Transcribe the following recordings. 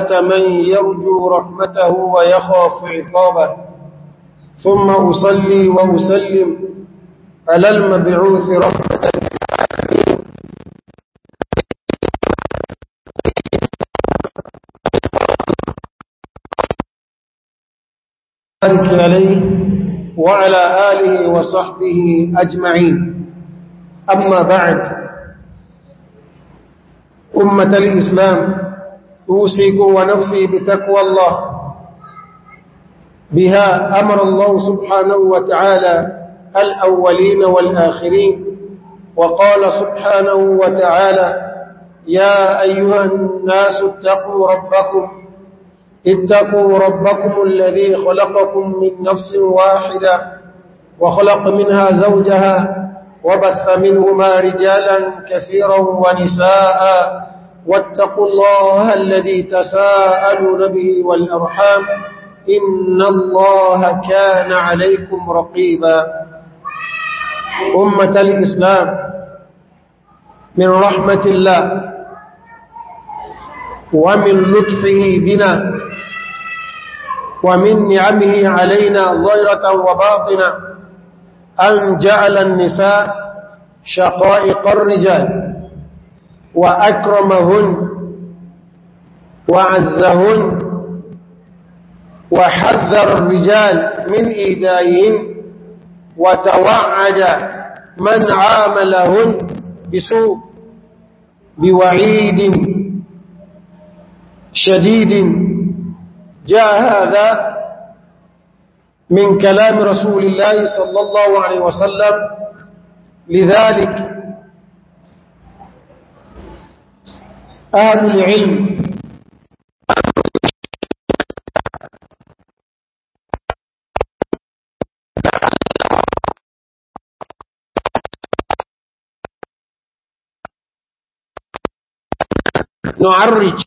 من يرجو رحمته ويخاف عقابه ثم أصلي وأسلم على المبعوث رحمة بارك عليه وعلى آله وصحبه أجمعين أما بعد أمة الإسلام أوسيكم ونفسي بتقوى الله بها أمر الله سبحانه وتعالى الأولين والآخرين وقال سبحانه وتعالى يا أيها الناس اتقوا ربكم اتقوا ربكم الذي خلقكم من نفس واحدة وخلق منها زوجها وبث منهما رجالا كثيرا ونساء واتقوا الله الذي تساءلون به والأرحام إن الله كان عليكم رقيبا أمة الإسلام من رحمة الله ومن لطفه بنا ومن نعمه علينا ظاهرة وباطنة أن جعل النساء شقائق الرجال وأكرمهن وعزهن وحذر الرجال من إيدائهن وتوعد من عاملهن بسوء بوعيد شديد جاء هذا من كلام رسول الله صلى الله عليه وسلم لذلك آل العلم نعرج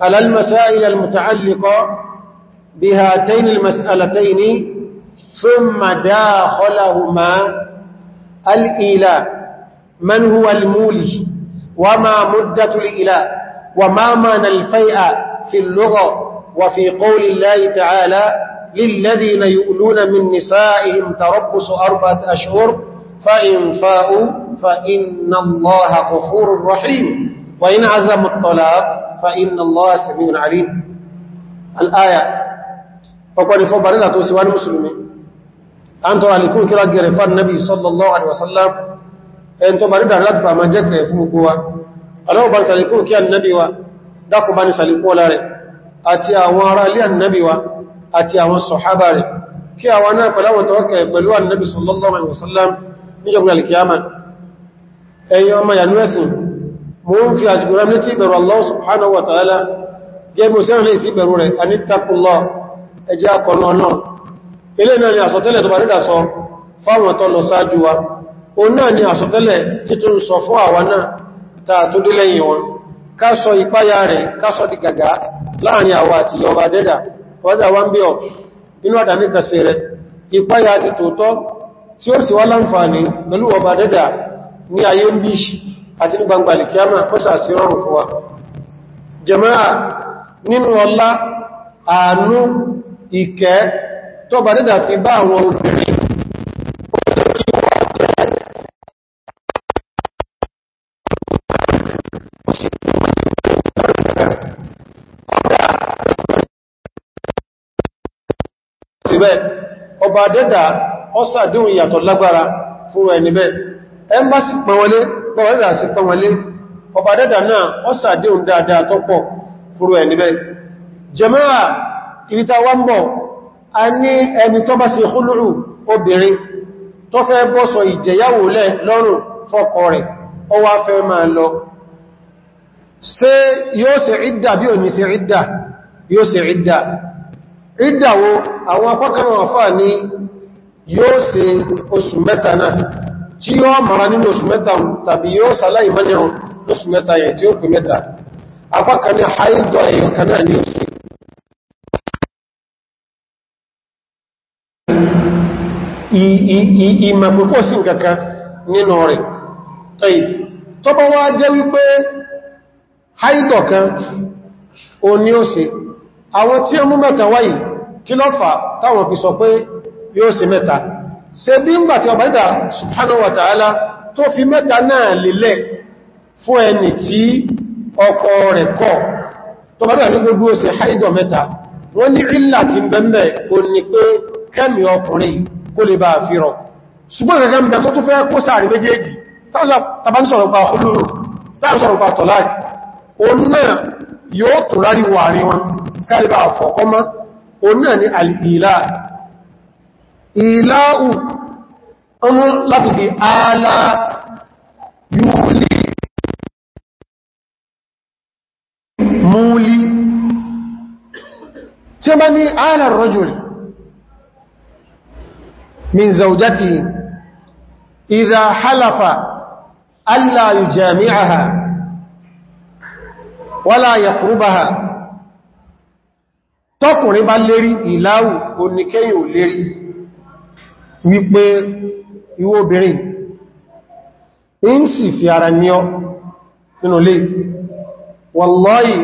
على المسائل المتعلقة بهاتين المسألتين ثم داخلهما الإله من هو المولي وما مدة الإله وما معنى الفيء في اللغة وفي قول الله تعالى للذين يؤلون من نسائهم تربص أربعة أشهر فإن فاءوا فإن الله غفور رحيم وإن عزموا الطلاق فإن الله سميع عليم الآية فقال فبرنا لا توسوان مسلمين أنتم عليكم كرات جرفان النبي صلى الله عليه وسلم أنتوا برنا لا تبقى ما جكري فمكوا aláwọ̀bá ìsàlẹ̀kú kí annabiwa dákùbá ní sàlẹ̀kú ọlá rẹ̀ àti àwọn ará ilé annabiwa àti àwọn sọ̀hábà rẹ̀ kí àwọn náà pẹ̀láwọn tọ́wọ́kẹ̀ pẹ̀lú annabi sallallahu alaihi wasallam ní jọgbìn alkiyama ẹ̀yin ọmọ yanu ni àsọtẹ́lẹ̀ títún sọ fún àwa náà tàà tó dé lẹ́yìn wọn kásọ ìpáyà rẹ̀ kásọ di gàgá láàrin àwa àti ọba dẹ́dà wọ́dà wọ́n bí ọ̀ inú àdàmì kàsẹ̀ rẹ̀ ìpáyà ti tòótọ́ tí ó sì wá láǹfààní pẹ̀lú ọba dẹ́dà ní ayé ń bí àti ní gbangba alìkíyàmà bẹ́ẹ̀ ọba dẹ́dà ọ́sàdíhùn ìyàtọ̀ lágbára fún ẹni bẹ́ẹ̀ ẹmbásí pẹ̀wọlé pẹ̀wọlé sí pẹ̀wọlé ọba dẹ́dà náà ọ́sàdíhùn dáadáa tọ́pọ̀ fún ẹni bẹ́ẹ̀ jẹmọ́ra ìrítà wá ń bọ̀ a ní ẹni tó bá sí húlùrù obìnrin tó fẹ́ bọ́sọ ìjẹyàwó lẹ́ lọ́rùn fọ́kọ rẹ̀ ó wá fẹ́ máa lọ ṣe yóò ṣe ìdà bí ò ní ìdà yóò ṣe ìdà ìdàwó àwọn apákanà àfà ní yóò ṣe oṣù mẹ́ta náà tí yóò mara nínú oṣù mẹ́ta tàbí yóò sàláì mẹ́rin oṣù mẹ́ta yẹn tí ó pè mẹ́ta apákanà àìdọ̀ ẹ̀yọ̀kan náà ní oṣù wípé haidọ̀ kan o ni o se àwọn tí ó mú mẹ́ta wáyìí kí ló fà táwọn fi sọ pé yóò ṣe mẹ́ta ṣe bí ń gbà tí ọba ìdá subhanahu wa ta'ala tó fi mẹ́ta náà lélẹ̀ fún ẹni tí ọkọ rẹ̀ kọ̀ tó bá dà ní gbogbo ṣe haidọ̀ mẹ́ta wọ́n ní ìlà tó tún wà rí wọn káríbà àfọ̀kọ́mọ́ òun náà ni alìlá ìláhù ọmọ láti di ààlá yúlì múlì tí ó bá ní ààlá rọ́jùlì min zaujati idha halafa alla yujami'aha wala yaqrubaha tọ́kùnrin bá lérí ìláwù oníkẹ́yìn ò lérí wípé ìwọ obìnrin in sì fi ara ní ọ nínú lè wallahi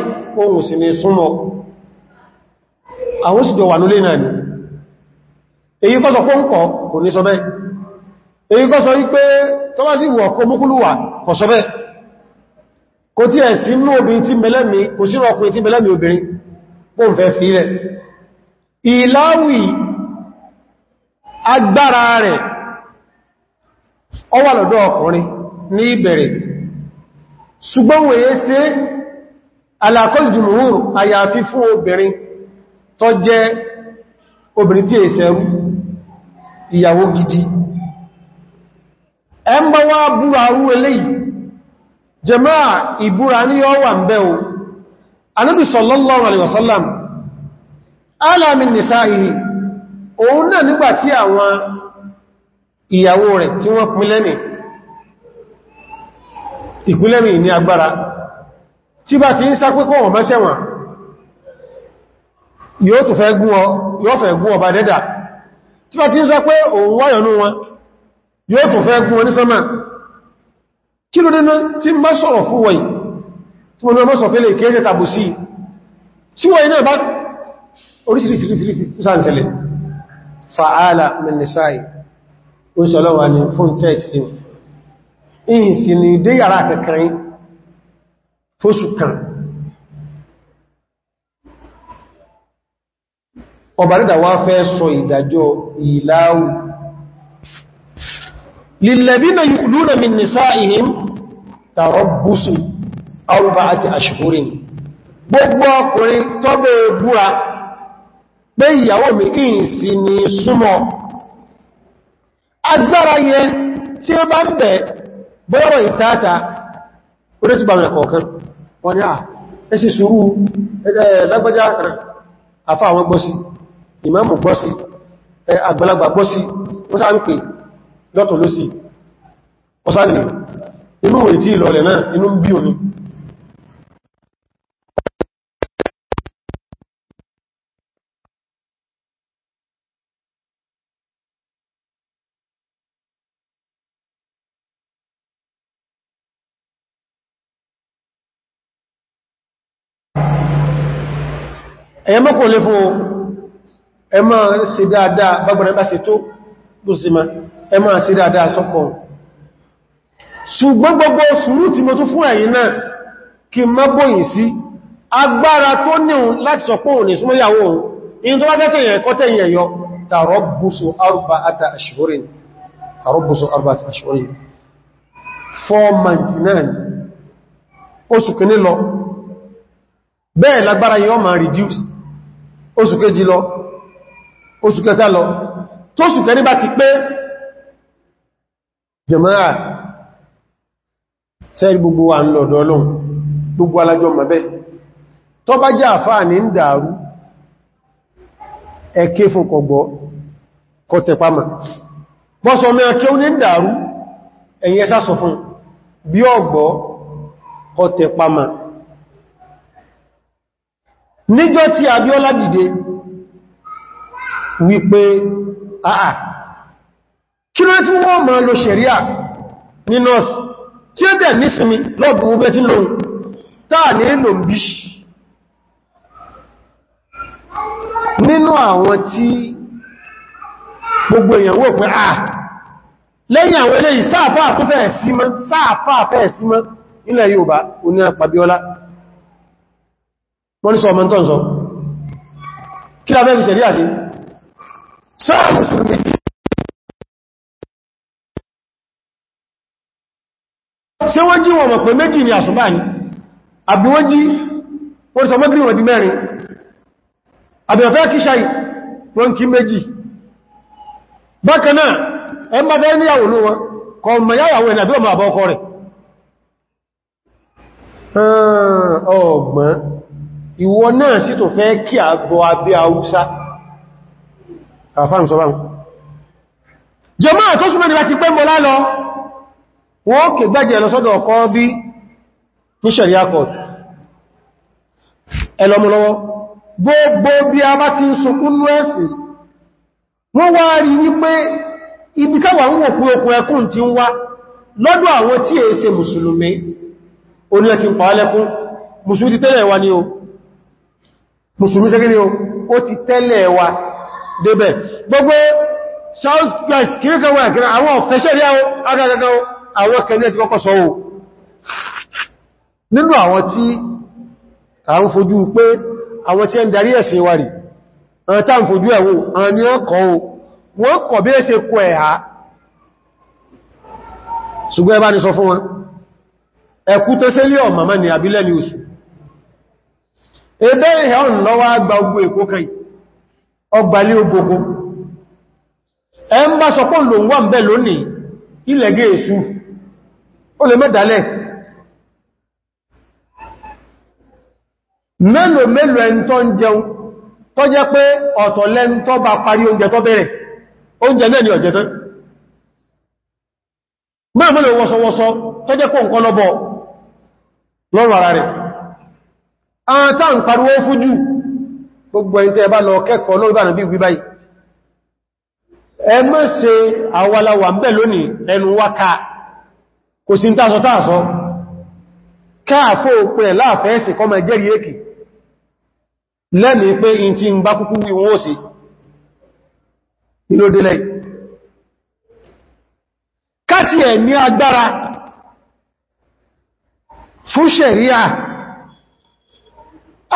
ohun sì ní súnmọ́ àwọn sì jọ wà nílé náà ni èyí kọ́ sọ pọ́nkọ̀ kò ní sọ èyí kọ́ wípé tó bá sì wọ̀ kó múkúlùwà kọ̀ sọ bẹ́ẹ̀ kò tí ẹ̀ sínú obìnrin tí mẹ́lẹ́mì obìnrin ó ń fẹ́ fílẹ̀ ìláwì agbára rẹ̀ ó wà ọkùnrin ní ìbẹ̀rẹ̀ ṣùgbọ́n wèye sí alàkọ́ ìjùmùúrù àyàfi fún obìnrin tó jẹ́ obìnrin tí èsẹ̀rú ìyàwó gidi ẹ búra rú eléyìí jẹ́mọ́ ìbúra ní ọwà ń bẹ́ o anábì sallallahu alaihi wasallam alamin nisa'ihi òun náà nígbàtí àwọn ìyàwó rẹ̀ tí wọ́n pínlẹ́mì ìpínlẹ́mì ní agbára tí bá ti ń sápẹ́kọ́ wọn bá sẹ́wọ̀n yóò tó fẹ́ gún ọba dẹ́dà tí bá ti ń sápẹ́ òun wáyọ̀nú wọn yóò tó fẹ́ gún ọ ní kí ló dé tí ń fún wọ̀nyí tí wọ́n mọ́ sọ̀fẹ́lẹ̀ kéèṣẹ́ tàbù sí tí wọ́n iná bá orísìírísìírísìí sáànsẹ̀lẹ̀ fa'ala mẹ́lẹ̀sáì ó sọ́lọ́wà ní fún tẹ́ẹ̀sì ìyìn sí ni dé yàrá kankan fóṣù kan ọbàrídà wá fẹ́ sọ ìdájọ́ ìlàáwù lìlẹ̀bí na yùlú na mìnìsáà ìhìn tàrọ búsùn arba'ati ashhurin gbogbo ọkùnrin tọ́bẹ̀ búra pé ìyàwó mi ìsì ni súnmọ́ agbára yẹ tí ó bá ń bẹ̀ bọ́rọ̀ ìtaata orí tí bàmì ẹ̀kọ̀ọ̀kan wọ́n ni à ẹsì sùúrù lágbàjá àfá àwọn gbọ́sí ìmáàmù gbọ́sí àgbàlagbà inú ìtí ìlọ̀lẹ̀ náà inú bí òní ẹ̀yẹ mọ́kùn lè fún ẹ máa ṣe dáadáa bágbọ́nà bá ṣe tó bùsìmá ẹ máa ṣe dáadáa sọ́kọ̀ ṣùgbọ́n gbogbo sùúrù tí mo tún fún ẹ̀yin náà kí má bóyìn sí agbára tó níhun láti sọpọ̀ òní súnmọ́yàwó òun in four months náà oṣù kìíní lọ bẹ́ẹ̀ lágbára yóò máa reduce oṣù kejì lọ oṣù kẹta lọ tó oṣù kẹrin bá ti pé jẹ̀máà sẹ́rí gbogbo wa ń lọ̀dọ̀ ọlọ́run gbogbo alájọ́ mọ̀bẹ́ tó bá jẹ́ àfáà ní ń dàrú ẹ̀kẹ́ fún kọgbọ́ kọtẹ̀pámà bọ́sọ̀ mẹ́ níjọ́ tí Abíọ́lá dìde wípé àà kí ló tí wọ́n mọ̀ lo ṣẹ̀ríà ní north tí ó dẹ̀ nísìnmi lọ́gbùn ọgbẹ́ tí lóhun táà ní èlò ń bí nínú àwọn tí gbogbo èèyàn wò pé àà lẹ́yìn àwọn eléyìí sáàfáà fẹ́ símọ́ sáàfáà fẹ́ símọ́ oní àpàbíọ́lá wọ́n ní sọ ọmọ tọ́nsọ kí la bẹ́bí sẹ̀rí àṣí sáàmù sùgbì tí ṣe wọ́n jí wọn mọ̀ pé méjì ni àṣùgbà ní àbí wọ́n jí wọ́n sọ mọ́gbìn wọ́n di mẹ́rin àbẹ̀fẹ́ kí ṣáì wọ́n kí méjì bákan náà ẹn bá bẹ́ẹ̀ níyàwó ló ìwọ náà sì tó fẹ́ kí àgbọ́ abẹ́ Haúsá àfáàmù sọ́bàmù jọmọ́ àtọ́sùn mẹ́rin láti pẹ́ mọ́lá lọ wọ́n kè gbájẹ̀ lọ sọ́dọ̀ ọkọ́ bí ní ṣẹ̀ríà court ẹlọmọlọ́wọ́ gbogbo bí a bá ti ń sunkúnnú ẹ̀sì wọ́n wá rí wípé ibi ti tẹ́lẹ̀ wá ní o musulmi ṣe o ó ti tẹ́lẹ̀ wa débẹ̀ gbogbo south west kìríkà wà kìrí àwọn ọ̀fẹ́ṣẹ́ rí agagagá àwọn kẹ̀lẹ̀ ti kọ́kọ́ sọ ohun nínú àwọn tí a ń fojú pé àwọn tí ń darí ẹ̀sìn wa rí àwọn tá ń fojú ẹ̀wò àwọn ni ni sọ fún ẹbẹ́ ìhẹ́ ọ̀n lọ́wọ́ àgbà ogun èkó kan ọgbàlé ogbogbo ẹ ń bá sọpọ̀ lò wà ń bẹ́ lónìí ilẹ̀ gẹ́ẹ̀ṣù ó lè mẹ́dàlẹ̀ mẹ́lò ẹn tó ń jẹun tó jẹ́ pé ọ̀tọ̀ bá parí àwọn tán pariwo fújú gbogbo ẹni tẹ́ bá lọ kẹ́kọ̀ọ́ lórí bá nàbí wíbáyì ẹ mọ́ ṣe àwàláwà ń bẹ̀ lónìí ẹnu wá ká kò sí tààsọ tààsọ káàfó pẹ̀ láàfẹ́ẹ̀sì kọ́ máa jẹ́rìí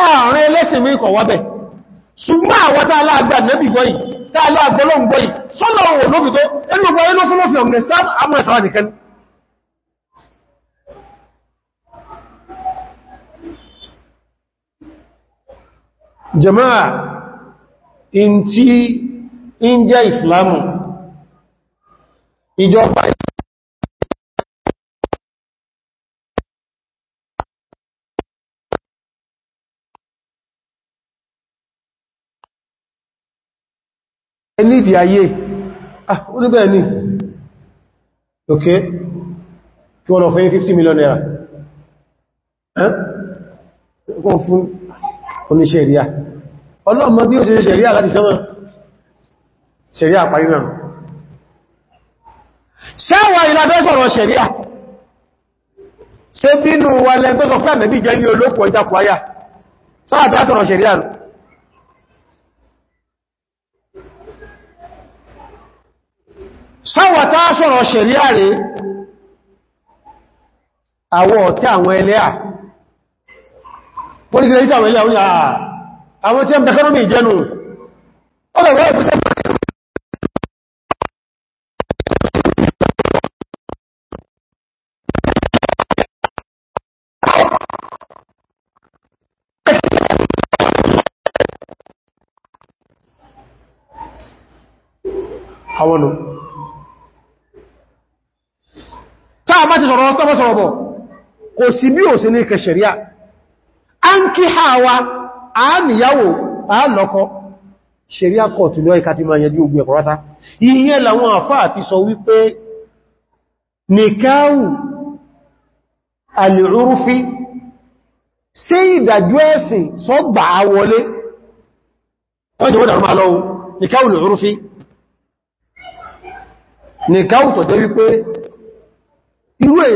ààrin ẹlẹ́sìn mi kọ̀ wábẹ̀ ṣùgbọ́n àwọn tàà láàgbà nẹ́bì gbọ́yì tàà láàgbọ́lọ́ gbọ́yì sọ́nà òun ló fi tó ẹni gbogbo ẹlú fún lófin ọ̀gbẹ̀ sáà àmọ́ ìsára nìkan jama'a in ti in jẹ́ islamu ìjọba ẹni ìdí ayé oníbẹ̀ ah, ní ok kí wọ́n ọ̀fẹ́ 50 million naira wọ́n fún oníṣẹ́ ìrìá ọlọ́mọ bí ó ṣe ṣẹ̀ríà láti sẹ́mọ̀ ṣẹ̀ríà parí náà ṣẹ́wà ìlàbẹ́sọ̀rọ̀ ṣẹ̀ríà ṣe bínú wa lẹ́gbẹ́sọ̀ fẹ́ àmẹ́bí jẹ́ ní olóòpọ̀ ìtàkùwáyà sáà sáwàtá sọ̀rọ̀ ṣẹ̀ríà rẹ̀ àwọ̀ ọ̀tẹ́ àwọn ẹlẹ́à pọ́lìkìlẹ̀ ìsàwọn ẹlẹ́à ah, àwọn tí a ń bẹ̀kọ́nọ́mì ìjẹnu ọ̀rọ̀ rẹ̀ sí bí ò sí ní kẹ ṣẹ̀ríà a ń kí ha wa a níyàwó a lọ́kọ ṣẹ̀ríà kọ̀tù lọ́ ìkàtí ma yẹjú ogun ẹ̀kọ̀rọ́ta ìyẹn làwọn àfáà fi sọ wípé nìkáwù alìrúrúfí sí ìwé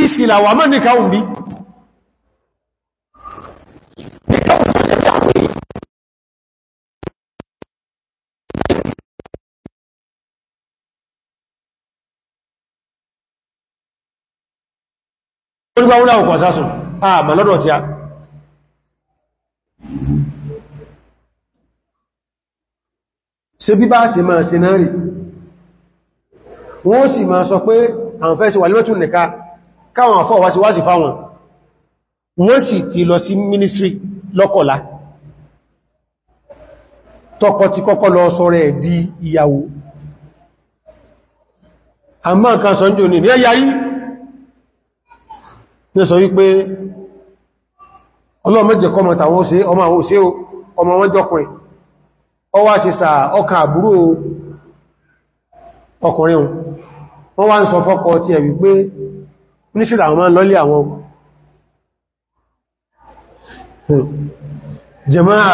ìsìlàwà mọ́ ní káhùn bí onígbàwó láwọn kan sásùn àmà lọ́dọ̀ tí a ṣe bí bá ṣe máa ṣe náà rí wọ́n sì máa sọ pé àwọn fẹ́ sí wà lẹ́mẹ́tù nìka káwọn àfọ́ wá sí wá sí fáwọn wọ́n sì ti lọ sí ministry lọ́kọ̀lá tọkọ ti kọ́kọ́ lọ sọ rẹ̀ di ìyàwó àmá nǹkan sọ jò ní ní ẹ̀yàrí ní sọ wípé ọlọ́mọ́jẹ̀kọ́ mọ̀ tàwọn ó ṣe ọmọ àwọn ó ṣe ọmọ wọn jọkùnrin ọwá sí sà ọkà àbúrò ọkùnrin ohun wọ́n wá ń sọ fọ́kọ tí ẹ̀ wípé níṣìlá àwọn máa ń lọ́lé àwọn jẹmáà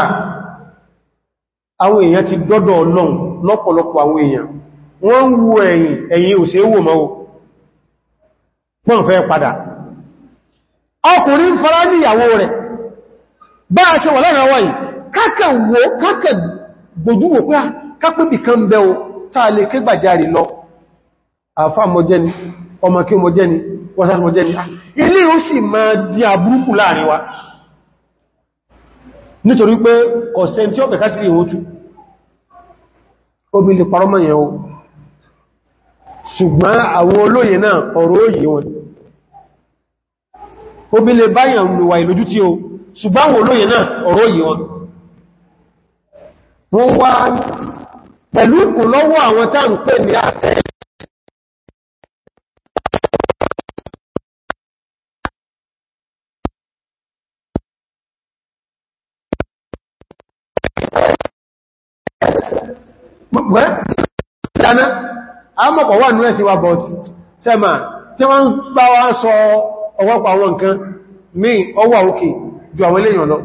àwọn èèyàn ti gbọ́dọ̀ ọlọ́run lọ́pọ̀lọpọ̀ àwọn èèyàn wọ́n ń wo ẹ̀yìn ẹ̀yìn ò sí wò mọ́wó pọ́n fẹ́ padà ọkùnrin fara ní ìyàwó rẹ̀ bá a ṣe wà lára wáyìí kákà wò kákà gbòdúwò pé kápébì kan bẹ́ o tàà lè kégbàjarì lọ àfá mọjẹ́ni ọmọ kí mọjẹ́ni wọ́sán mọjẹ́ni ilé ó sì máa di àbúrúkù láàrin wa nítorí pé ọ̀sẹ̀ tí ó bẹ̀ká sí ìhótú omi lè parọ́ mọ́yẹn o ṣùgbọ́n àwọn olóyè náà ọ̀rọ̀ òyè wọn omi lè báyàn lùwà ìlójú tí o ṣùgbọ́n àwọn olóyè náà ọ̀rọ̀ òyè wọn wọ́n wá pẹ̀lú ìkùnlọ́wọ́ àwọn táà ń pè ní àfẹ́ dáná àmọ́pọ̀ wà ní ẹ̀sìn wa bọ̀t tẹ́mà tí wọ́n ń bá wá sọ ọwọ́pọ̀ àwọn nǹkan mí ọwọ́ òkè ju àwọn eléyàn lọ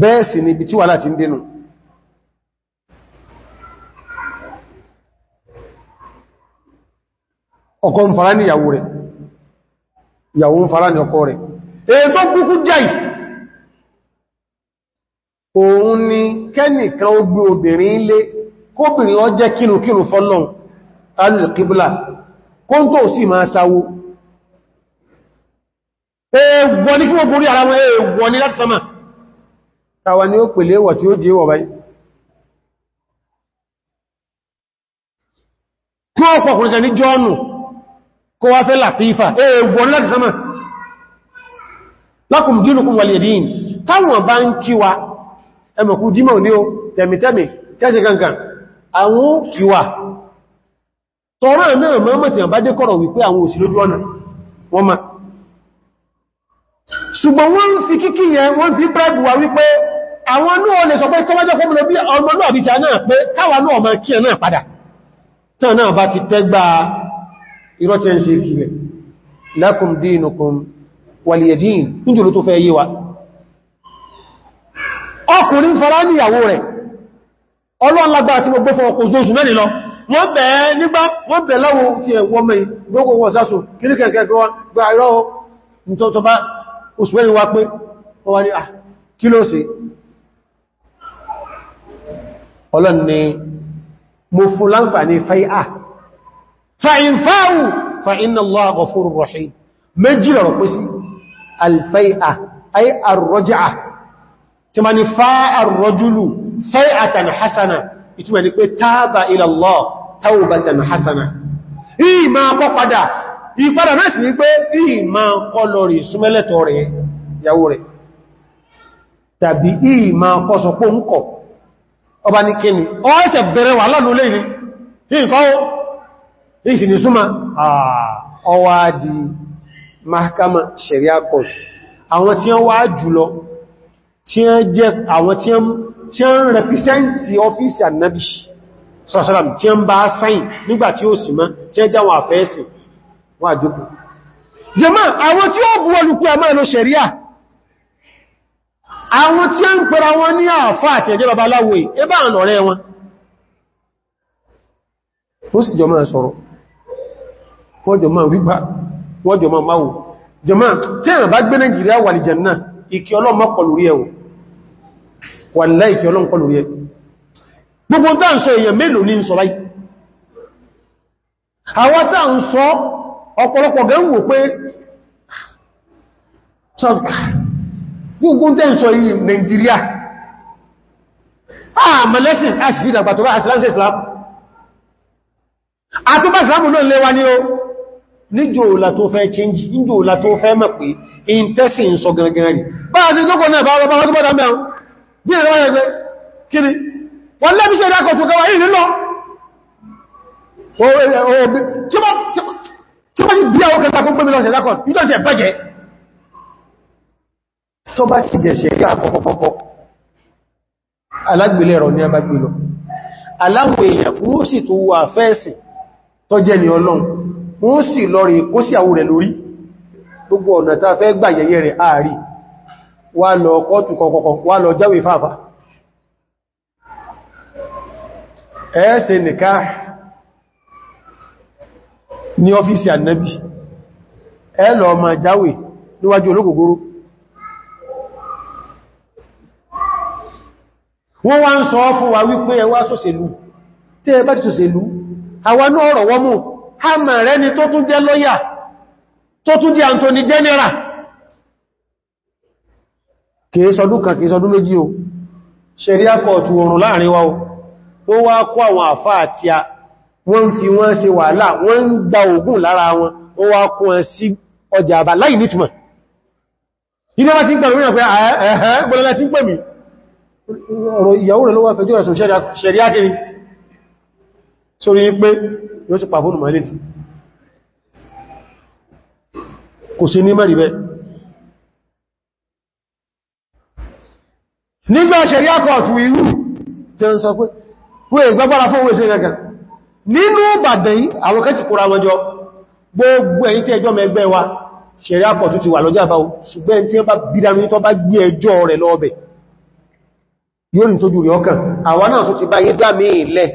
bẹ́ẹ̀ sì ni ibi tí wà láti ń ọkọ ń fara ní ìyàwó rẹ̀ ìyàwó ń fara ní òun ni kẹ́nìkan ó gbé obìnrin lé kóbìnrin ọjẹ́ kírùkírù fọ́lọ́n alìkíbùlà kó ń tó sì máa sáwó èèwọ̀ ní fún obìnrin ara wọn èèwọ̀ ní láti sama tàwà ni ó pèlé wọ̀ tí ó jẹ́ wọ̀ báyìí kí ó pọ̀kùnrin kan ní jọ́ọ̀nù kó wá fẹ́ làtífà èèwọ̀ ní láti sama tẹ́ṣe kankan àwọn òkìwà tọ́rọ náà mọ́mọ̀ tí wọ́n bá dé kọ̀rọ̀ wípé àwọn òsì lójú ọ̀nà wọ́n ma ṣùgbọ́n wọ́n fi kíkí yẹn wọ́n fi brẹ́bù wa wípé àwọn náà lè sọ pé tó wájẹ́ fọ́mùlò bí ọmọ náà bí náà pé káwà náà ma kí ẹ náà padà tán náà bá lakum dinukum waliyadin níjòló tó fẹ́ yíwa ọkùnrin fara níyàwó rẹ̀ ọlọ́run lágbára tí mo gbé fún ọkọ̀ oṣooṣù mẹ́rin lọ wọ́n bẹ̀ẹ́ nígbà wọ́n bẹ̀ẹ́ láwọn ti ẹ̀wọ́ mẹ́ gbogbo wọ́n sásò kìrí kẹ̀kẹ́ gba irọ́ nítọ́tọba oṣù mẹ́rin wá pé wọ́n wá ní à ah, kí ló ṣe ọlọ́run ni mo fún láǹfààní fai'a fa'infa'u fa'inna Allah ghafurur rahim méjì lọ́rọ̀ ma ni fa'ar rajulu fẹ́ẹ̀tàn hasana ìtumẹ̀ ni pé tábà ilallah taubatan hasana ìmá kọ́ padà ìpadà náà sì ní pé ìmá kọ́ lọ rí súnmẹ́lẹ̀tọ̀ rẹ̀ yàwó rẹ̀ tàbí ìmá kọ́ sọ pó ń kọ̀ ọba ní kíni ọ́ẹ̀sẹ̀ bẹ̀rẹ̀ wà lọ́nà ah, àwọn tí wọ́n wá jùlọ tí ó jẹ́ àwọn tí ó ń rẹpísẹ́ntì ọ́fíìsì ànábì sọ́sọ́lá tí ó ń bá sáyìn nígbà tí ó sì mọ́ tí ó já wọn àfẹ́ẹ̀sì wọ́n àjókù jẹmọ́ àwọn tí ó bú olùkú ẹmọ́ ẹ̀lọ ṣẹ̀ríà àwọn tí ó ń pẹ̀rà wọn ní àfá àti ẹjẹ́ babaláwo ẹbá ànọ̀rẹ́ wọn ó sì jọmọ́ sọ̀rọ̀ wọ́n jọmọ́ tí ẹ̀rẹ̀ bá gbé Nàìjíríà wà wà láìkí ọlọ́nkọlù rẹ̀ gbogbo tá ń sọ èèyàn mélòó ní sọ láì àwọn tá ń sọ ọ̀pọ̀lọpọ̀ gẹ̀rùn-ún pé gbogbo tẹ́ ń sọ yìí Nàìjíríà àmàlẹ́sìn àṣìfì ìdàgbàtọ̀wà àṣìláńsẹ̀ Islam àtúbà Islam náà léwa ní o níjò òlà tó fẹ́ change níjò sọ gangan ni báyàtí tó kọ̀ náà bá wọ́n bá wọ́n tó bọ́dá mẹ́rin bí ẹ̀rọ ẹgbẹ́ kiri wọ́n lẹ́bí ṣe ìdákọ̀ tó kọwàá yìí nílọ tí wọ́n bí àwọn kẹta kó gbẹ́mí lọ́sẹ̀ ìdákọ̀ ìdọ́sẹ̀ bẹ́jẹ́ tó bá sì jẹ̀ṣẹ̀ ká pọ̀pọ̀pọ̀ alágbèlẹ̀ ẹ̀rọ ní ẹbá gbèlọ aláwọ̀ èèyàn wọ́n sì tó wà fẹ́ẹ̀sì tó jẹ́ ní ọlọ́run wọ́n sì lọ rí kó sí àwọ̀ rẹ̀ lórí gbogbo ọ̀nà tá fẹ́ gbà yẹyẹ rẹ̀ àárí wà lọ kọ́tù kọ̀kọ̀kọ̀ wà lọ jáwé fàfà ẹ̀ẹ́sẹ̀ nìká ní ọ́fíìsì ànábì ẹ lọ ma jáwé níwájú olókògóró wọ́n wá ń sọ fún wa wípé ẹwà sọ́sẹ̀lú tí ẹ bá ti sọ́sẹ̀lú àwa náà ọ̀rọ̀ wọ́n mú ha mẹ́rẹ́ ni tó tún jẹ́ lọ́yà tó tún jẹ́ Anthony General kìí sọdún kan kìí sọdún méjì o ṣẹ̀ríà kọ̀ọ̀tù ọ̀run láàrin wa o wọ́n wá kó àwọn àfá àti a wọ́n fi wọ́n ṣe wàhálà wọ́n ń gba ògùn lára wọn wọ́n wá kó wọn sí ọjà àbá láì nítùmọ̀ inú wá ti ń pẹ̀lú mìíràn pé ẹ̀ẹ́ gbọ́lẹ́lẹ́ ti ń pẹ̀mí ọ̀rọ̀ ìyàwó rẹ̀ ló wá fẹjọ́ ẹ̀sùn ṣẹ̀ríà kiri sórí pé yóò ti pàfónù mọ̀ ilé ti kò sí ní mẹ́rin bẹ́ẹ̀ nígbà ṣẹ̀rí àkọ̀ọ̀tù irú tí ó ń sọ pé wé ìgbàgbára fún owó ìṣẹ́ gẹ̀gẹ̀ nínú bàdẹ̀ yìí àwọn kẹsì kúra wọn jọ gbogbo ẹ̀yin tí ẹjọ́ mẹ́gbẹ́ wa ṣẹ̀rí àkọ̀ọ̀tù ti wà lọ́jọ́ àbáwò ṣùgbọ́n tí ó bá bídánú tó bá gbé ẹjọ́ rẹ̀ lọ́ọ̀bẹ̀ yóò ní tójú rí ọkàn àwa náà tó ti bá yé dá míì lẹ̀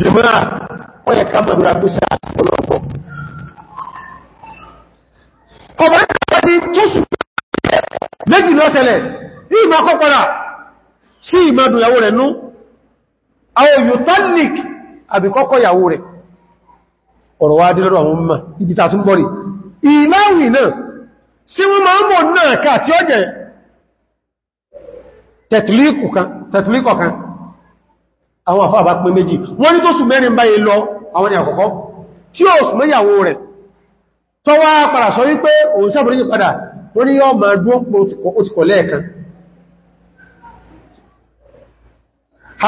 jima'a wọ́n yẹ ká mọ̀lúra pé sí àṣọ́lọ́pọ̀ kọ̀bá kàbí tó ṣùgbọ́n méjì lọ ṣẹlẹ̀ ní ìmọ̀ kọ́pọ̀lá sí ìmọ̀dù ìyàwó rẹ̀ nú àwọn yóò àbí kọ́kọ́ ìyàwó rẹ̀ ọ̀rọ̀ àwọn ibi tún ìmáwì náà sí ń mọ̀ náà ká tí kan àwọn àfáà bá pín méjì wọ́n ní tó sù mẹ́rin báyìí lọ àwọn ni àkọ́kọ́ tí ó sù mẹ́yàwó rẹ̀ tó wá padà sọ wípé òun sábìrìjì padà wọ́n ní yọ́ ma dún ó ti kọ̀ lẹ́ẹ̀kan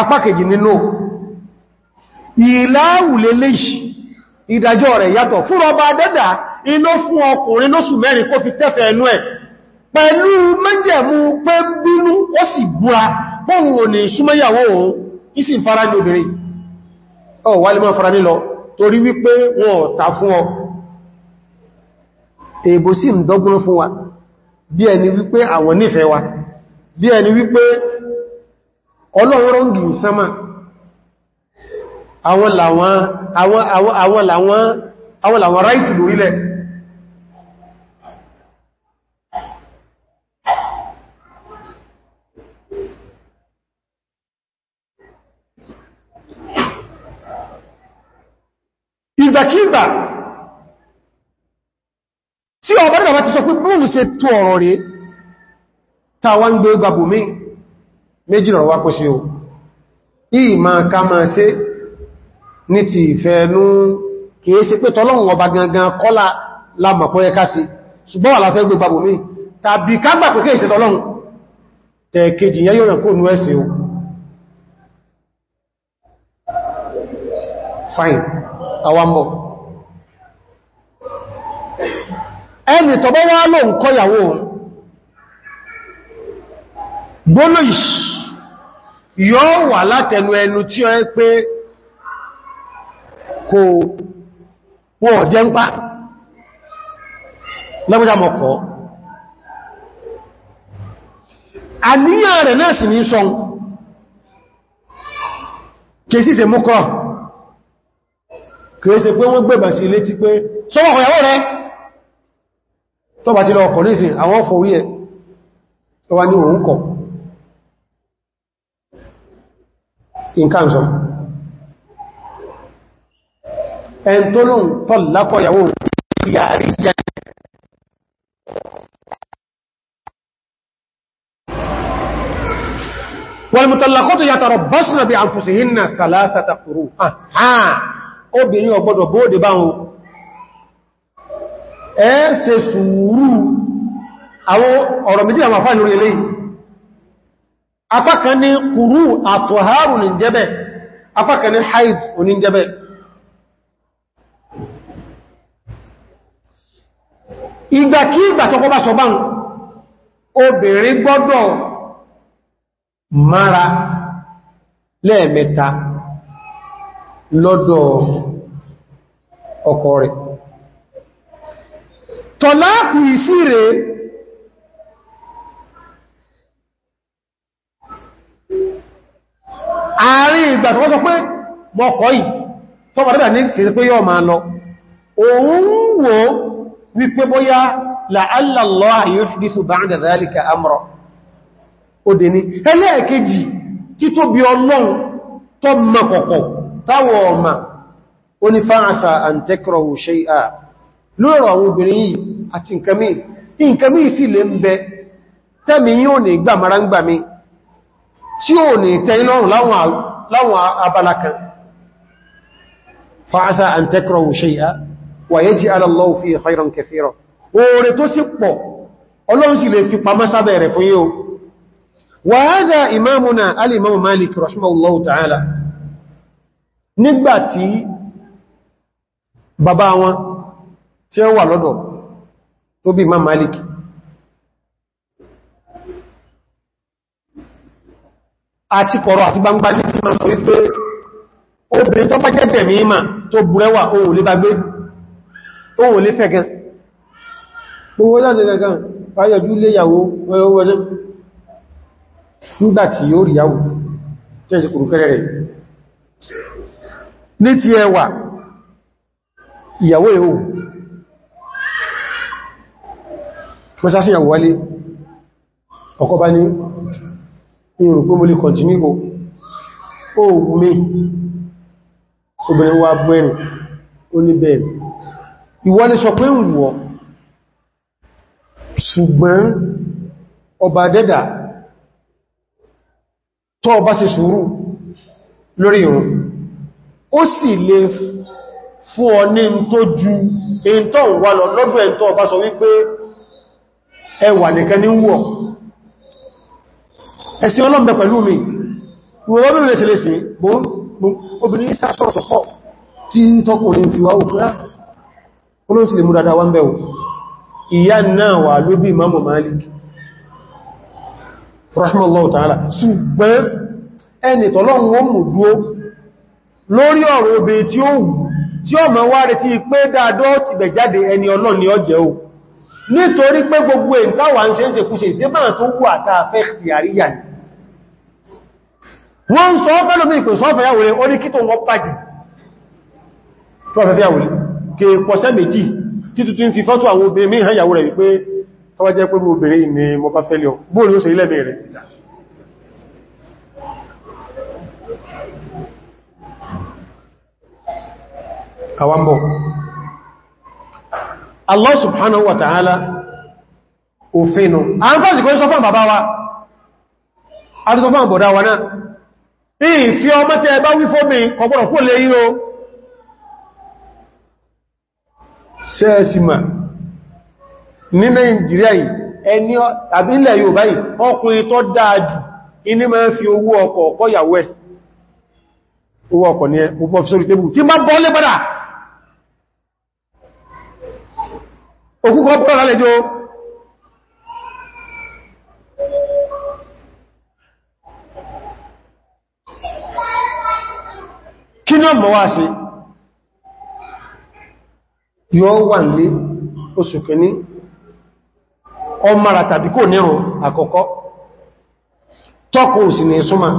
apá kejì nínú ìláwùlélẹ́ṣì ìdájọ́ rẹ̀ yàtọ̀ fún ọba dẹ́dà iná fún ọkùnrin lóṣù mẹ́rin kó fi ìsì ń fara ní obìnrin ọ wà lè máa fara nílọ torí wípé wọn ọ̀ta fún ọ èèbò sí ń dọ́gbọ́n fún wa bí ẹni wípé àwọn nífẹ̀ẹ́ wa bí ẹni wípé ọlọ́rọ̀ sánmà àwọn làwọn àwọn làwọn ráìtì lórílẹ̀ ìgbàkígbà tí ọba ní bàbá ti sọ pé bóòlù ṣe tó ọ̀rọ̀ rẹ̀ tàwa ń gbé gbàbò mí méjì rọ̀ wá kó sí o ìyí máa ká máa ṣe ní ti ìfẹ́ẹ̀nú kìí ṣe pé tọ́lọ́run ọba gangan kọ́lá lámọ̀pọ̀ ẹka sí ṣùgbọ́n wà láfẹ́ gbé fine àwambọ̀ ẹni tọba wá lò ń kọyàwó gbónúìs yóò wà látẹnu ẹnu tí ó ẹ pé kò wọ́n jẹ́ ń pa lẹ́gbẹ́jàmọ̀kọ́ àníyàn rẹ̀ náà sì ní sọ́n kèsí ìsẹ̀mọ́kọ́ kìí ṣe pé wọ́n gbẹ̀bà sí ilé ti pé ṣọ́wọ́ ọ̀yàwó rẹ̀ tọ́bà ti lọ ọkọ̀ nísìn àwọn ọ̀fọ̀ orí ẹ̀ ọwá ní òun kọ̀ ìkànsọ̀ ẹn tó lóun والمطلقات يتربصن بأنفسهن ثلاثة قروء آه obìnrin ò gbọdọ̀ bóòdè bá wọn ẹ ṣe sùúrù àwọn ọ̀rọ̀ méjì àwọn àfáà lórí eléyìí apákan ní kùrú àtọ̀hárù ní jẹ́bẹ̀ apákan ní haid oní jẹ́bẹ̀ ìgbà kí ìgbà tọ́kọ bá sọ báhùn obìnrin gbọ́dọ̀ mara lẹ́ẹ̀mẹ́ta lọ́dọ̀ ọkọ rẹ̀. Tọ̀láàkù ìsíre àárín ìgbà tó sọ pé mọ́kọ̀ yìí tó bàdọ́dà ní kèsí pé yóò máa lọ. Òun wò wípé bóyá la'alla Allah yuhdithu ba'da dhalika tó táwọ̀ ọmọ ó ní fa'asa an takrahu shay'a lóòrò àwọn obìnrin yìí àti nkàmí nkàmí sí lè ń bẹ tẹ́mi yóò ní gbà mara ń gbà mi tí ó ní tẹ́lọ́rùn láwọn abala kan fa'asa an takrahu shay'a wa yaj'al Allahu fihi khayran nígbàtí bàbá wọn tí ó wà lọ́dọ̀ tó bí Imam Malik àti kọ̀rọ̀ àti gbangba ní ti máa sọ wípé obìnrin tó bá jẹ́jẹ̀ ní ìmà tó burẹ́wà ohun lè bá gbé ohun lè fẹ́ gbogbo láti gangan ayọ̀jú lé yàwó wọ́wọ́wọ́dẹ́ nígbàtí yóò rí yàwó ní ti ẹwà ìyàwó ìhò mọ́sá sí ìyàwó wálé ọkọ bá ní ìrò pé mo lè kọ̀tíní o ó mi obìnrin wa bẹ́rin ó ní bẹ́ẹ̀ ìwọ ni sọ pé ń wọ́ ṣùgbọ́n ọba dẹ́dà tó ọba ṣe sùúrù lórí ìrùn ó sì lè fún ọ ní tó ju ẹntọ́ wà lọ lọ́dún ẹntọ́ ọba sọ wípé ẹwà nìkan ní wọ́ ẹ̀sìn ọlọ́m̀bẹ̀ pẹ̀lú mi ìwọ̀lọ́bìn lè sílẹ̀ sí obìnrin isa sọ́rọ̀sọ̀pọ̀ tí ń tọ́kùnrin fi wá òkúrá olóòsì lè mú dada wá ń bẹ̀wò ìyá náà wà ló bí Imamu Malik rahimahullahu ta'ala ṣùgbọ́n ẹni tọ́lọ́run wọ́n mú dúó lórí ọ̀rọ̀ obìnrin tí ó wù tí ó mọ̀ wáre tí pé dáadọ́ ti bẹ̀ jáde ẹni ọlọ́ ni ọjẹ́ o nítorí pé gbogbo ìtawà ń se kúṣe ìsẹ́bàrán tó wù àta afẹ́ ni wọ́n ń sọ ọ́fẹ́ lómi ìpè sọ́fẹ́ yàwòrẹ́ ó ní kí tó wọ́n pàjì tọ́fẹ́fẹ́ yàwòrẹ́ kè pọ̀sẹ́ méjì tí tuntun ń fi fọ́tò àwọn obìnrin mìíràn yàwó àwambọ̀ Allah subhanahu wa ta'ala òfinu a ń fásitì kọ́ sọ́fán bàbá wa a ti sọ́fán bọ̀dá wa náà ìfí ọmọ tẹ́ bá wí fún mi kọ̀gbọ̀rọ̀ kó lè yíò sẹ́ẹ̀sìmà ní Nàìjíríà yìí ẹni àbílẹ̀ yóò báyìí ọkùnrin tó dáadù fi owó ọkọ̀ ọkọ̀ òkúkọ́ pọ́ lálejò kí ní ọmọ wá sí yóò wà lé oṣù kìíní ọmọra tàbí kò nírùn àkọ́kọ́ tọ́kọ̀ òsì ní ìsúnmà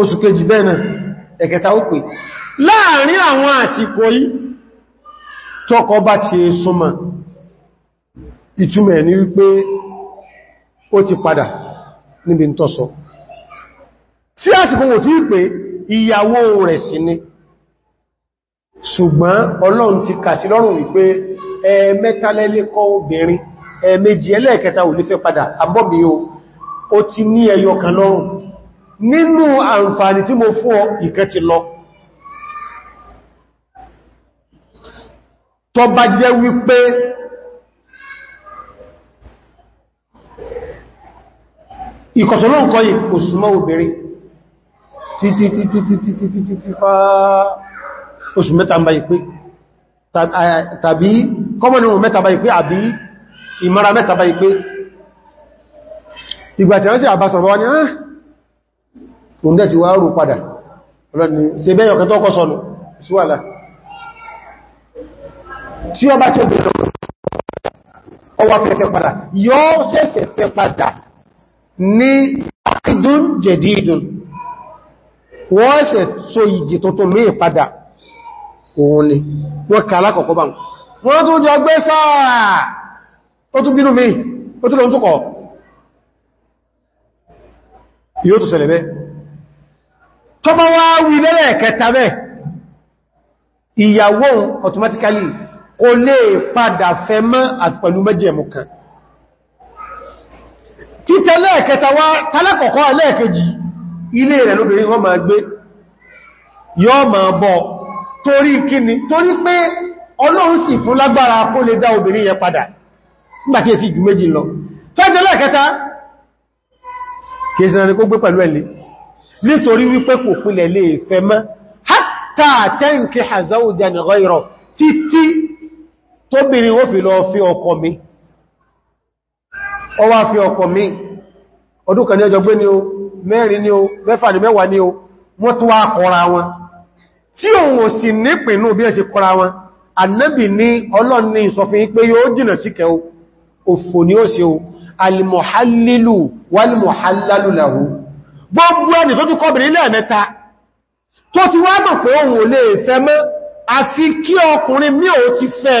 oṣù kejì bẹ́ẹ̀ náà ẹ̀kẹta ó pè láàrin àwọn àsìkò tọ́kọ bá ti súnmọ́ ìtumẹ̀ ní wípé ó ti padà níbi tọ́sọ tí àsìkò wò tí pé ìyàwó rẹ̀ sí ni ṣùgbọ́n ọlọ́run ti kà sí lọ́rùn wípé ẹ̀ẹ̀mẹ́talẹ́lẹ́kọ́ obìnrin ẹ̀ẹ̀mejì ẹlẹ́ẹ̀kẹta ò lè fẹ́ padà abọ́bí o ti ní ẹyọ kan lọ́rùn nínú tí mo fún ọ lọ tó bá jẹ́ wípé ìkọ̀tọ̀lọ́ nǹkan yìí kò súnmọ́ obìnrin títí fá oṣù mẹ́ta bá ìpé tàbí kọmọ̀nù mẹ́ta bá ìpé àbí ìmara mẹ́ta bá ìpé ìgbà tí wọ́n sí àbásọ̀ bá wá ní ah oúnjẹ ti wá rú padà ọlọ́ni ṣe bẹ́yọ̀ kẹtọ́kọ́ sọnù síwàlá tí ó bá tó bèèrè ọwà fẹ́fẹ́ padà yóò sẹ́sẹ̀ fẹ́ padà ní àìdún jẹ̀dìdùn wọ́n sẹ̀ tó ìgì tó tó mí padà òun ni wọ́n kà alákọ̀ọ́kọ́ bá wọ́n tó jọ gbé sáà ó tún bínú mi ó tún lọ tó kọ̀ yóò tó ṣẹlẹ̀ bẹ́ tọ́bọ̀ wá ìyàwó automatically kò lè padà fẹ́ mọ́ àti pẹ̀lú mẹ́jẹ̀mù kan títẹ́ lẹ́ẹ̀kẹta wá tálẹ́kọ̀ọ́kọ́ ẹlẹ́ẹ̀kejì ilé rẹ̀ lóbìnrin wọ́n máa gbé yọ́ máa bọ̀ torí kíni torí pé ọlọ́run sì fún lágbára kó lè dá obìnrin yẹn padà nígbàtí èfi jù méjì lọ tẹ́jẹ́ lẹ́ẹ̀kẹta kìí sinari kó gbé pẹ̀lú títí tó bìnrin ó fi lọ fi ọkọ mi ó wá fi ọkọ mi ọdún kan ní ọjọ́ gbé ni o mẹ́rin ni o mẹ́fà ni mẹ́wàá ni o wọ́n tó wá kọra wọn tí òun ò sì nípinú bí ẹ ṣe kọra wọn annabi ní ọlọ́run ìsọfin pé yóò jìnà síkẹ́ o ni ó ṣe o alìmọ̀hálílù wálìmọ̀hálálù làwó gbogbo ẹni tó tó ti wá mọ̀ pé òun ò lè fẹ́ mọ́ àti kí ọkùnrin mí ò ti fẹ́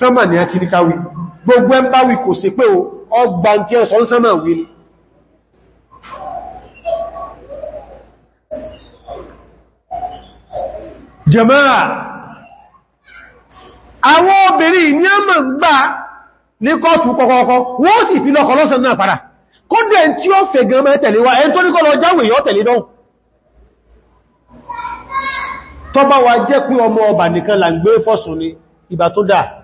sánmà ní àti ní káwí gbogbo ẹ ń bá wí kò sí pé ọgbà tí ẹ̀sọ́ ń sánmà wí ni jẹmáà àwọn obìnrin ní a mọ̀ gbà ní kọ́ọ̀tù kọkọ̀ọ̀kọ́ wọ́n sì fi lọ́kọ̀ lọ́sàn náà padà kódẹ̀ tí ó fẹ̀ gan mẹ́ tẹ̀lé wa ẹn tó ní kọ́ lọ jáwé yọ́ tẹ̀lé dán tọ́bá wa jẹ́ pé ọmọ ọba nìkan là ń gbé fọ́sùn ni ìbà tó dáa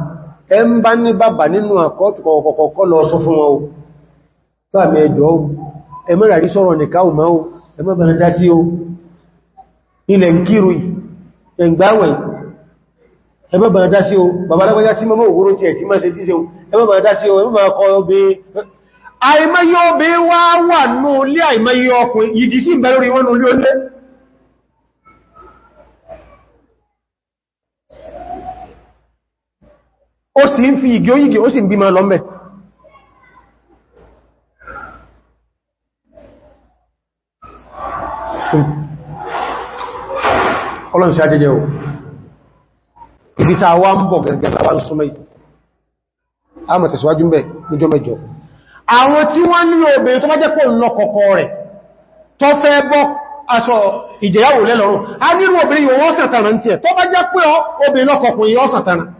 ẹ ń bá ní bàbá nínú àkọ́tù kọ̀kọ̀kọ́ lọ sọ fún wọn o tàbí ẹjọ́ o ẹ mẹ́rà rí sọ́rọ̀ nìká o máa o ẹ mọ́ bẹ̀rẹ̀ dá sí o ilẹ̀ ń kírù ẹ̀ǹgbáwẹ̀ ẹ mọ́ bẹ̀rẹ̀ dá sí o bàbá lágbàjá tí mọ́mọ́ òwúrò tí ẹ̀ tí máa ṣe tí ṣeun ẹ mọ́ bẹ̀rẹ̀ ó sì ń fi ìgé oyígé ó sì ń o si wá ń bọ̀ gẹ̀gẹ̀ láwá súnmọ́ yìí a mọ̀ tẹ̀síwájú mẹ́ mẹ́jọ àwọn tí wọ́n ní tó bá jẹ́ pọ̀ rẹ̀ tó fẹ́ bọ́ aṣọ ìjẹyàwó lẹ́lọ́rùn a obìnrin yóò wọ́n sàtàrà ń tí ẹ̀ tó bá jẹ́ pé obìnrin yóò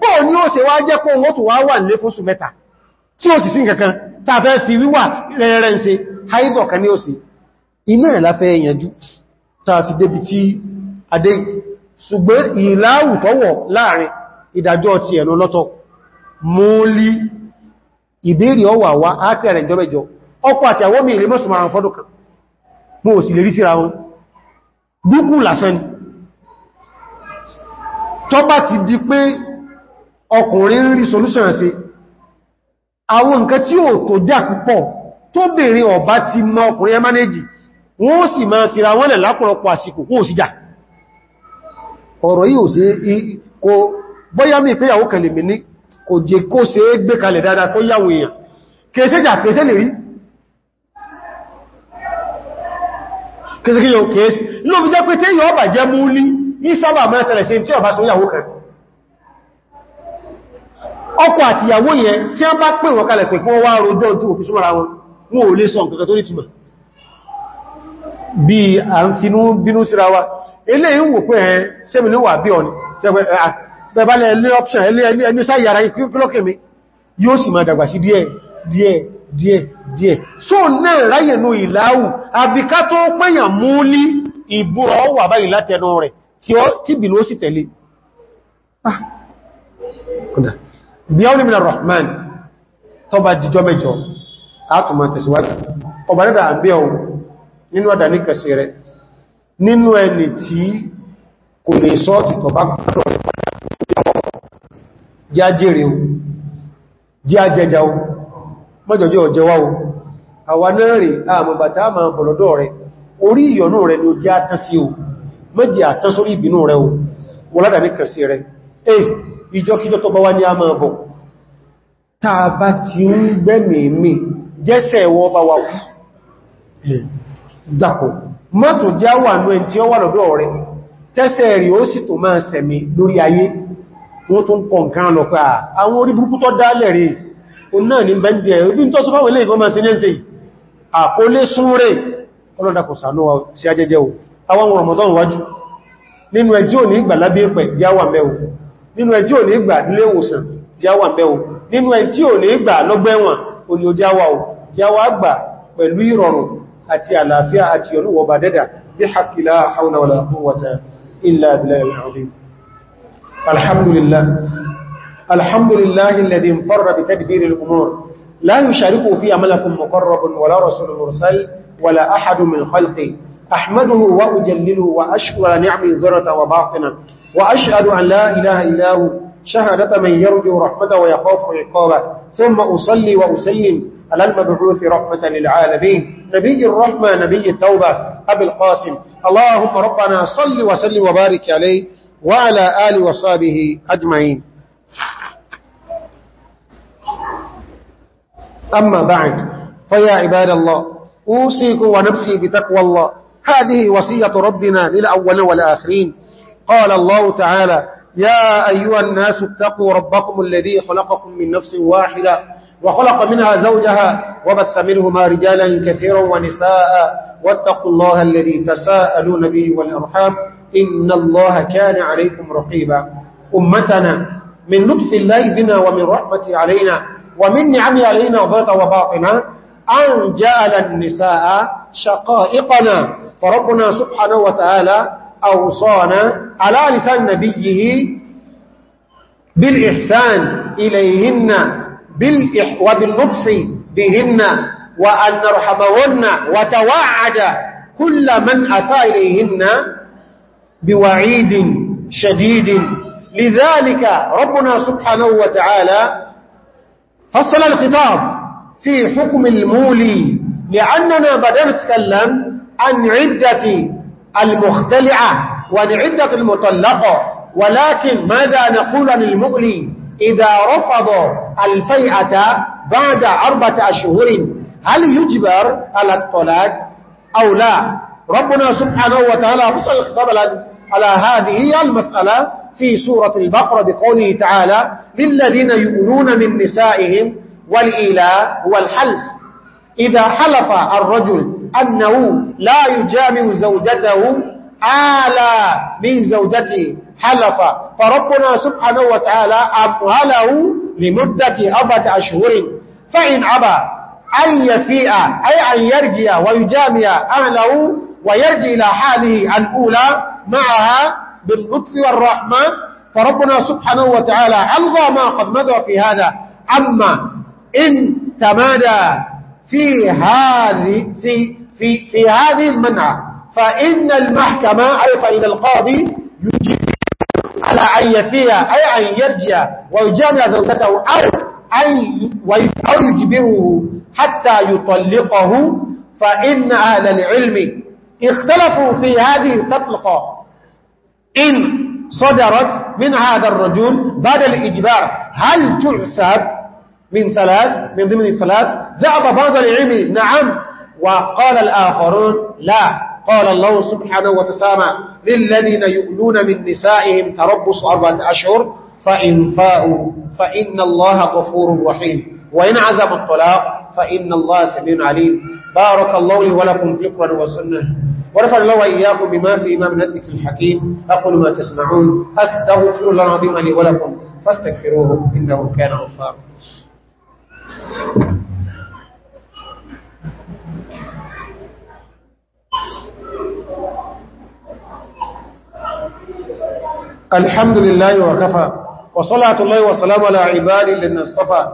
bọ́ ní ó ṣe wá jẹ́ pọ́ wọ́n tó wá wà nílé fóṣù mẹ́ta tí ó sì sí nǹkankan tàbẹ́ fi wíwà rẹ̀rẹ̀ ṣe haidọ̀ kan ní ó sì iná tààfi débi tí adé ṣùgbọ́n ìlàáwùtọ́wọ̀ láàrin ti ẹ̀nà lọ́tọ̀ múlí ti di pé ọkùnrin rí solúṣàn sí àwọn nǹkan tí ó tó dá púpọ̀ tó bèèrè ọ̀bá ti mọ ọkùnrin ẹ mánéjì wọ́n sì máa fira wọ́n lẹ̀ lápọ̀lọpọ̀ àsìkò kó síjà ọ̀rọ̀ yìí ò sí kò bóyá mi ìpéyàwó kan mi ní kò jẹ kó se é gbé kalẹ̀ dáadáa kó yáwó èèyàn kèsèjà kèsè lè rí kèsèkèyàn kèsè lóbi jẹ́ pé tí yọ ọba jẹ́ mú ní ní sábà mẹ́sẹ̀rẹ̀ sí tí ọba sọ yàwó kan ọkọ àti ìyàwó yẹn tí wọ́n bá pè wọ́n kalẹ̀ pẹ̀ fún wá rojọ́ tí òfin súnmọ́ra wọn wọn ò lè sọ nǹkan tó ní bí i à ń finú bínú síra wa ilé ń wò pé ẹ sẹ́mi bí ọ ni tẹ́bẹ̀lẹ̀ ilé option ilé ẹni sáyàrá kílọ́kẹ̀mí yóò sì máa so náà ráyẹ̀ nú ìlàáwù àbíká tó pẹ́yàn mú lí ìbú ọwà báyìí látẹnu rẹ̀ tí bìnú ó bíọ́nì mìíràn rahman tó bá jíjọ mẹ́jọ átùmọ̀ tẹ̀síwájú ọba nígbà àbí ọ̀hún nínú ọ̀dà ní kẹsì rẹ̀ nínú ẹni tí kò lè sọ́ọ̀tì tó bá kúrò jájẹ́rẹ̀ o jájẹjà o mọ́jọ̀jọ́ ọ̀jẹ́wà o àwa náà rẹ̀ ni ó jẹ́ àtán sí o mẹ́jì àtán sórí ìbínú ní kẹsì rẹ̀ eh ìjọkíjọ tó bá wá ní a máa bọ̀ tàà bá ti ń gbẹ́mìí jẹ́sẹ̀ ẹ̀wọ́ bá wà wù dàkọ̀ mọ́tò já wà ní ẹn tí ó wà lọ́dọ̀ rẹ̀ tẹ́sẹ̀ rí ó sì tó máa sẹ̀mí lórí ayé wọ́n tó ń kọ̀ nǹkan lọ àwọn orí burúkú tó dálẹ̀ rí o náà ní bẹ́ndẹ̀ orí tó sọ fáwọn ilé ìfọ́n máa sí ní ṣe àkólé sún rẹ̀ ọlọ́dàkọ̀ sànú sí ajẹ́jẹ́ Ramadan wájú nínú ẹjọ́ ní ìgbàlábí pẹ̀ jáwà nínú ẹ̀ tí ò ní gbà nílé ìwòsàn jáwà mẹ́wò nínú ẹ̀ tí ò ní gbà lọ́gbẹ́wọ̀n olè jáwà ò jáwà gbà pẹ̀lú ìrọ̀rùn àti àlàáfíà àti olúwọ̀bà dẹ́dà bí hakila haula wala quwwata illa billahi al-azim alhamdulillah alhamdulillah alladhi farra bi tadbir al-umur la yushariku fiha malakun wa ujalliluhu wa ashkuru ni'mahu dhahiratan wa batinan وأشهد أن لا إله إلا هو شهادة من يرجو رحمة ويخاف عقابة ثم أصلي وأسلم على المبعوث رحمة للعالمين نبي الرحمة نبي التوبة أبي القاسم اللهم ربنا صل وسلم وبارك عليه وعلى آل وصابه أجمعين أما بعد فيا عباد الله أوصيك ونفسي بتقوى الله هذه وصية ربنا للأول والآخرين قال الله تعالى يا أيها الناس اتقوا ربكم الذي خلقكم من نفس واحدة وخلق منها زوجها وبث منهما رجالا كثيرا ونساء واتقوا الله الذي تساءلون به والأرحام إن الله كان عليكم رقيبا أمتنا من نبث الله بنا ومن رحمة علينا ومن نعم علينا ذات وباطنا أن جعل النساء شقائقنا فربنا سبحانه وتعالى أوصانا على لسان نبيه بالإحسان إليهن بالإح وباللطف بهن وأن نرحمهن وتوعد كل من أسى إليهن بوعيد شديد لذلك ربنا سبحانه وتعالى فصل الخطاب في حكم المولي لأننا بدأنا نتكلم عن عدة المختلعة والعدة المطلقة ولكن ماذا نقول للمؤلي إذا رفض الفيئة بعد أربعة أشهر هل يجبر على الطلاق أو لا ربنا سبحانه وتعالى فصل الخطاب على هذه المسألة في سورة البقرة بقوله تعالى للذين يؤلون من نسائهم والإيلاء والحلف إذا حلف الرجل أنه لا يجامع زوجته آلا من زوجته حلف فربنا سبحانه وتعالى أمهله لمدة أربعة أشهر فإن أبى أن يفيء أي أن يرجع ويجامع أهله ويرجع إلى حاله الأولى معها باللطف والرحمة فربنا سبحانه وتعالى ألغى ما قد مضى في هذا أما إن تمادى في هذه في في, في هذه المنعة فإن المحكمة أي فإن القاضي يجب على أن يفيها أي أن يرجع ويجامع زوجته أو أو يجبره حتى يطلقه فإن أهل العلم اختلفوا في هذه التطلقة إن صدرت من هذا الرجل بعد الإجبار هل تحسب من ثلاث من ضمن الثلاث ذهب بعض العلم نعم وقال الآخرون لا قال الله سبحانه وتسامى للذين يؤلون من نسائهم تربص أربعة أشهر فإن فاءوا فإن الله غفور رحيم وإن عزم الطلاق فإن الله سبين عليم بارك الله لي ولكم في القرآن والسنة ورفع الله وإياكم بما في إمام ندك الحكيم أقول ما تسمعون أستغفر الله العظيم لي ولكم فاستغفروه إنه كان غفارا الحمد لله وكفى وصلاة الله وسلام على عباد الذين اصطفى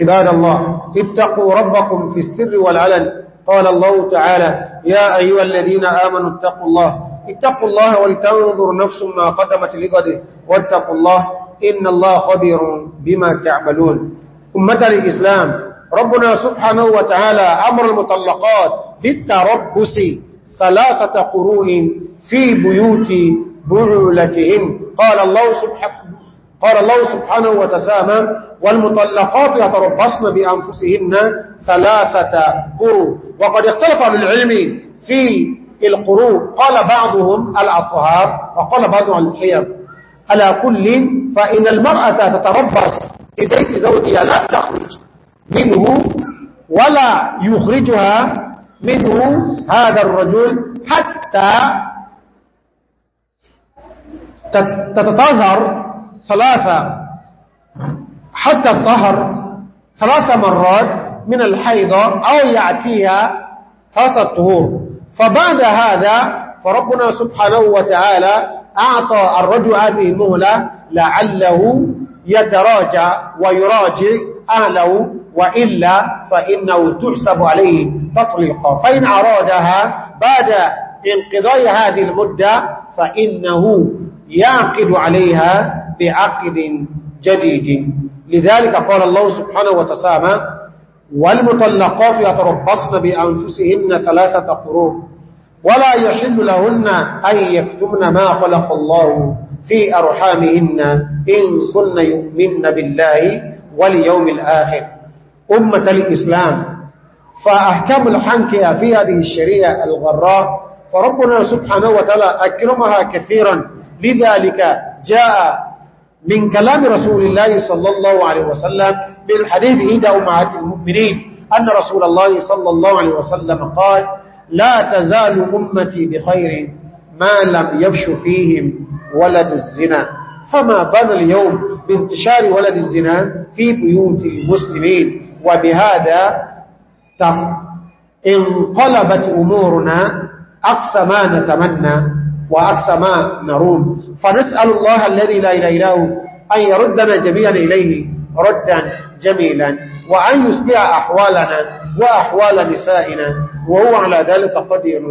عباد الله اتقوا ربكم في السر والعلن قال الله تعالى يا أيها الذين آمنوا اتقوا الله اتقوا الله ولتنظر نفس ما قدمت لقده واتقوا الله إن الله خبير بما تعملون أمة الإسلام ربنا سبحانه وتعالى أمر المطلقات بالتربس ثلاثة قروء في بيوت بعولتهن قال الله سبحانه قال الله سبحانه وتسامى والمطلقات يتربصن بأنفسهن ثلاثة قروء وقد اختلف للعلم في القروء قال بعضهم الأطهار وقال بعضهم الحيض على كل فإن المرأة تتربص في بيت زوجها لا تخرج منه ولا يخرجها منه هذا الرجل حتى تتطهر ثلاثة حتى الطهر ثلاث مرات من الحيضة أو يعتيها ثلاثة طهور فبعد هذا فربنا سبحانه وتعالى أعطى الرجل هذه المهلة لعله يتراجع ويراجع أهله وإلا فإنه تحسب عليه تطليقا فإن أرادها بعد انقضاء هذه المدة فإنه يعقد عليها بعقد جديد لذلك قال الله سبحانه وتسامى والمطلقات يتربصن بأنفسهن ثلاثة قروب ولا يحل لهن أن يكتمن ما خلق الله في أرحامهن إن كن يؤمن بالله واليوم الآخر أمة الإسلام فأحكام الحنكة في هذه الشريعة الغراء فربنا سبحانه وتعالى أكرمها كثيرا لذلك جاء من كلام رسول الله صلى الله عليه وسلم من حديث إيدى أمهات المؤمنين أن رسول الله صلى الله عليه وسلم قال لا تزال أمتي بخير ما لم يفش فيهم ولد الزنا فما بنى اليوم بانتشار ولد الزنا في بيوت المسلمين وبهذا انقلبت أمورنا أقصى ما نتمنى وأقصى ما نروم فنسأل الله الذي لا إله إلا هو أن يردنا جميعا إليه ردا جميلا وأن يسمع أحوالنا وأحوال نسائنا وهو على ذلك قدير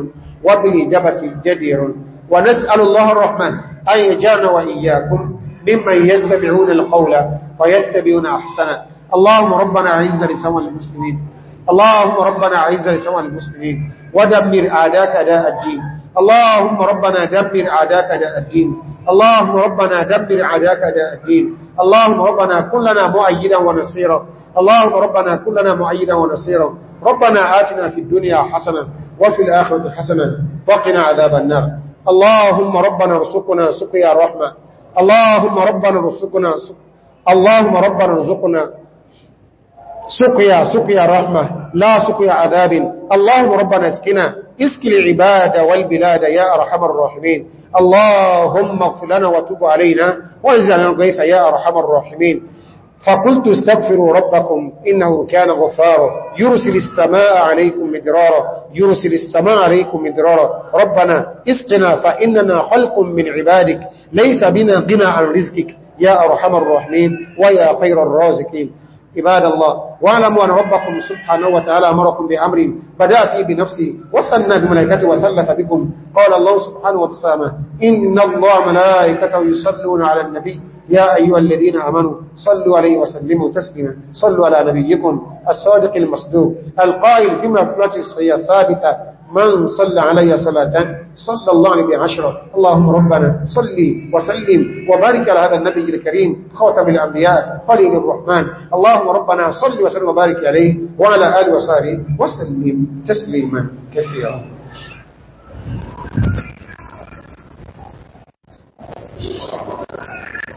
وبالإجابة جدير ونسأل الله الرحمن أن يجعلنا وإياكم ممن يستمعون القول فيتبعون أحسنه اللهم ربنا عز لسوى المسلمين اللهم ربنا عز لسوى المسلمين ودمر آداك أداء الدين اللهم ربنا دبر عداك داء الدين اللهم ربنا دبر عداك داء الدين اللهم ربنا كلنا مؤيدا ونصيرا اللهم ربنا كلنا مؤيدا ونصيرا ربنا آتنا في الدنيا حسنة وفي الآخرة حسنة وقنا عذاب النار اللهم ربنا رزقنا سقيا رحمة اللهم ربنا رزقنا اللهم ربنا رزقنا سقيا سقيا رحمة لا سقيا عذاب اللهم ربنا اسكنا اسك العباد والبلاد يا أرحم الراحمين اللهم اغفر لنا وتوب علينا وانزلنا الغيث يا أرحم الراحمين فقلت استغفروا ربكم إنه كان غفارا يرسل السماء عليكم مدرارا يرسل السماء عليكم مدرارا ربنا اسقنا فإننا خلق من عبادك ليس بنا غنى عن رزقك يا أرحم الراحمين ويا خير الرازقين عباد الله واعلموا أن ربكم سبحانه وتعالى أمركم بأمر بدأ فيه بنفسه وثنى بملائكته وثلث بكم قال الله سبحانه وتسامه إن الله ملائكته يصلون على النبي يا أيها الذين أمنوا صلوا عليه وسلموا تسلما صلوا على نبيكم الصادق المصدوق القائل في مفلته الصحية الثابتة من صلى علي صلاة صلى الله عليه بعشرة اللهم ربنا صلي وسلم وبارك على هذا النبي الكريم خوتم الأنبياء خليل الرحمن اللهم ربنا صلي وسلم وبارك عليه وعلى آل وصاره وسلم تسليما كثيرا Thank you.